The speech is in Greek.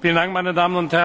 Ευχαριστώ, κύριοι